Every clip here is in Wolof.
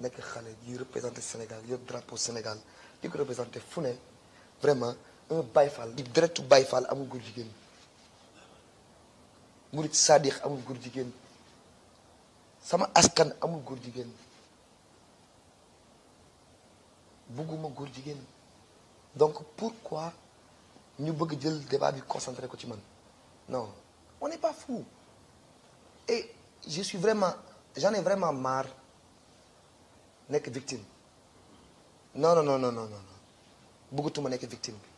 nekk xale yuy représenté Sénégal le drapeau Sénégal di ko représenté fu vraiment un Baye di deretu Baye amul góor jigéen mourid Sadix amul góor jigéen sama askan amul góor jigéen bugguma góor jigéen donc pourquoi ñu bëgg jël débat bi concentré ko ci man non on n'est pas fou et je suis vraiment j'en ai vraiment marre nek victime non non non non non non bëggatuma nekk victime bi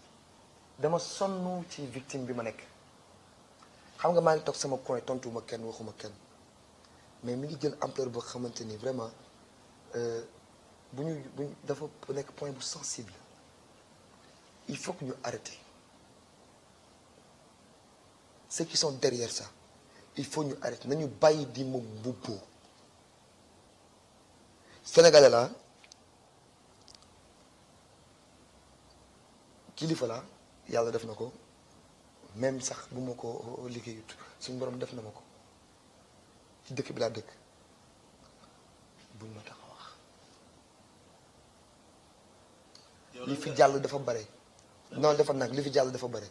dama sonn ci victime bi ma nekk xam nga maa ngi toog sama coin tontuma kenn waxuma kenn mais mi ngi jël ampleur boo xamanteni vraiment euh buñu bu dafa nek point bu sensible il faut que ñu arrêter ceux qui sont derrière ça il faut ñu arrêter nañu bayyi di ma mbubboo sénégalais la kilifa la yàlla def na ko même sax bu ma ko liggéeyut suñu borom def na ma ko ci dëkk bi laa dëkk buñ ma tax li fi jàll dafa bare non dafa nag li fi jàll dafa bare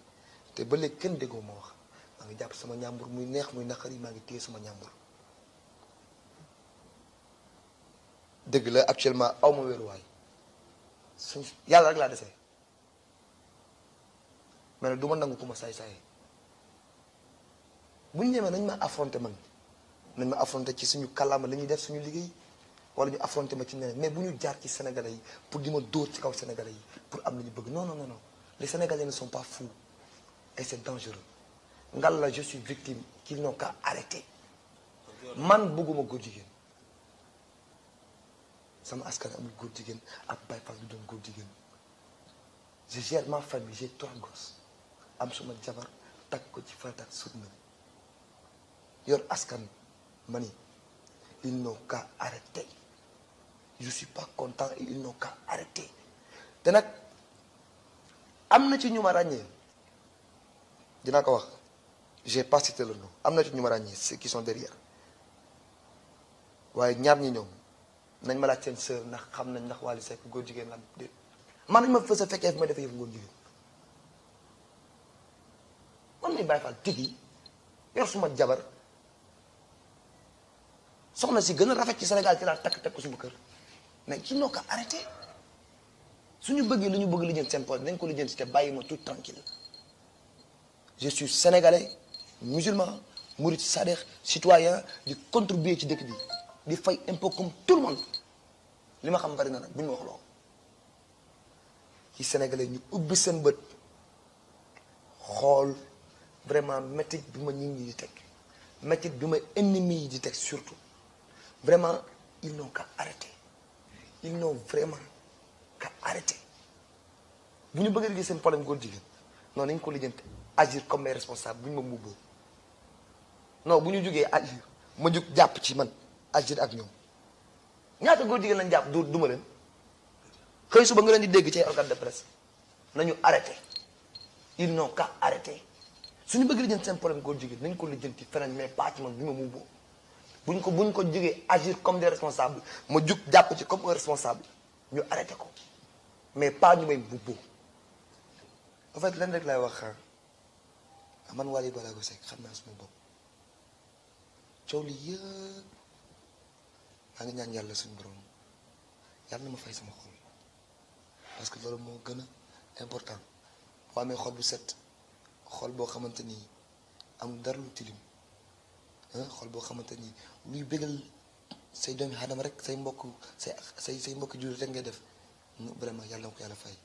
te ba léegi kenn déggoo ma wax maa ngi jàpp sama ñàmbur muy neex muy yi maa ngi téye sama ñàmbur dëgg la actuellement aw ma way suñ yàlla rek laa desee mais duma nangou ma nangu ku ma saay-saay buñ ñemee nañ ma affronter man nañ ma affronter ci suñu kalam li def suñu liggéey wala ñu affronter ma ci neneen mais buñu jaar ci sénégalais yi pour dima ma ci kaw sénégalais yi pour am li bëgg non non non les sénégalais ne sont pas fous et c'est dangereux ngal la je suis victime qu'ils n'ont qu'à arrêter man bëgguma góor jigéen sama askan amul góor jigéen ab Baay Faal bi doon góor jigéen je gère ma famille j'ai trois gosses am suma jabar takk ko ci farata ak sunna yor askan ma ni ils n'ont qu'à arrêter je suis pas content et ils n'ont qu'à arrêter te nag am na ci ñu ma ràññee dinaa ko wax j'ai pas cité le nom am na ci ñu ma ràññee ceux qui sont derrière waaye ñaar ñi ñoom nañ ma laaj seen sœur ndax xam nañ ndax Wally Seck góor jigéen la déet man nañ ma fës a fekkee fi ma defee yëfu góor jigéen man mi bàyyi fal tigi yor suma jabar soxna si gën a rafet ci Sénégal ci laa takk teg ko suma kër mais ci noo ko arrêté suñu bëggee lu ñu bëgg lijjanti seen poche nañ ko si te bàyyi ma tout tranquille je suis sénégalais musulman mouride sadiq citoyen di contribuer ci dëkk bi di fay impôt comme tout le monde li ma xam bari na nag bu ñu wax loo ci sénégalais ñu ubbi seen bët xool vraiment métit bi ma nit ñi di teg métit bi ma ennemi yi di teg surtout vraiment ils n'ont qu'à arrêter ils n'ont vraiment qu'à arrêter bu ñu bëggee di seen problème góor jigéen non nañ ko lijjante agir comme les responsables bu ñu ma mbubboo non bu ñu jógee agir ma jóg jàpp ci man ajjut ak ñoom ñaata góor jigéen lañ jàpp du duma leen su ba nga leen di dégg ci organe de presse nañu arrêté ils n'ont qu'à arrêter suñu bëgg lijjanti seen problème góor jigéen nañ ko lijjanti feneen mais pas ci man bi bu mu boo ko buñ ko jógee agir comme des ma jug jàpp ci comme un responsable ñu arrêté ko mais pas ñu may bu boo en leen rek lay wax man Wally Ballago Seck xam naa suma bopp coow li yëpp maa ngi ñaan yàlla suñu borom yàlla na ma fay sama xol parce que loolu moo gën a important boo amee xol bu set xol boo xamante ni am dara lu tilim ah, xol boo xamante ni luy bégal say doomi aadama rek say mbokk say say say mbokk jullit rek ngay def vraiment yàlla na ko yàlla fay.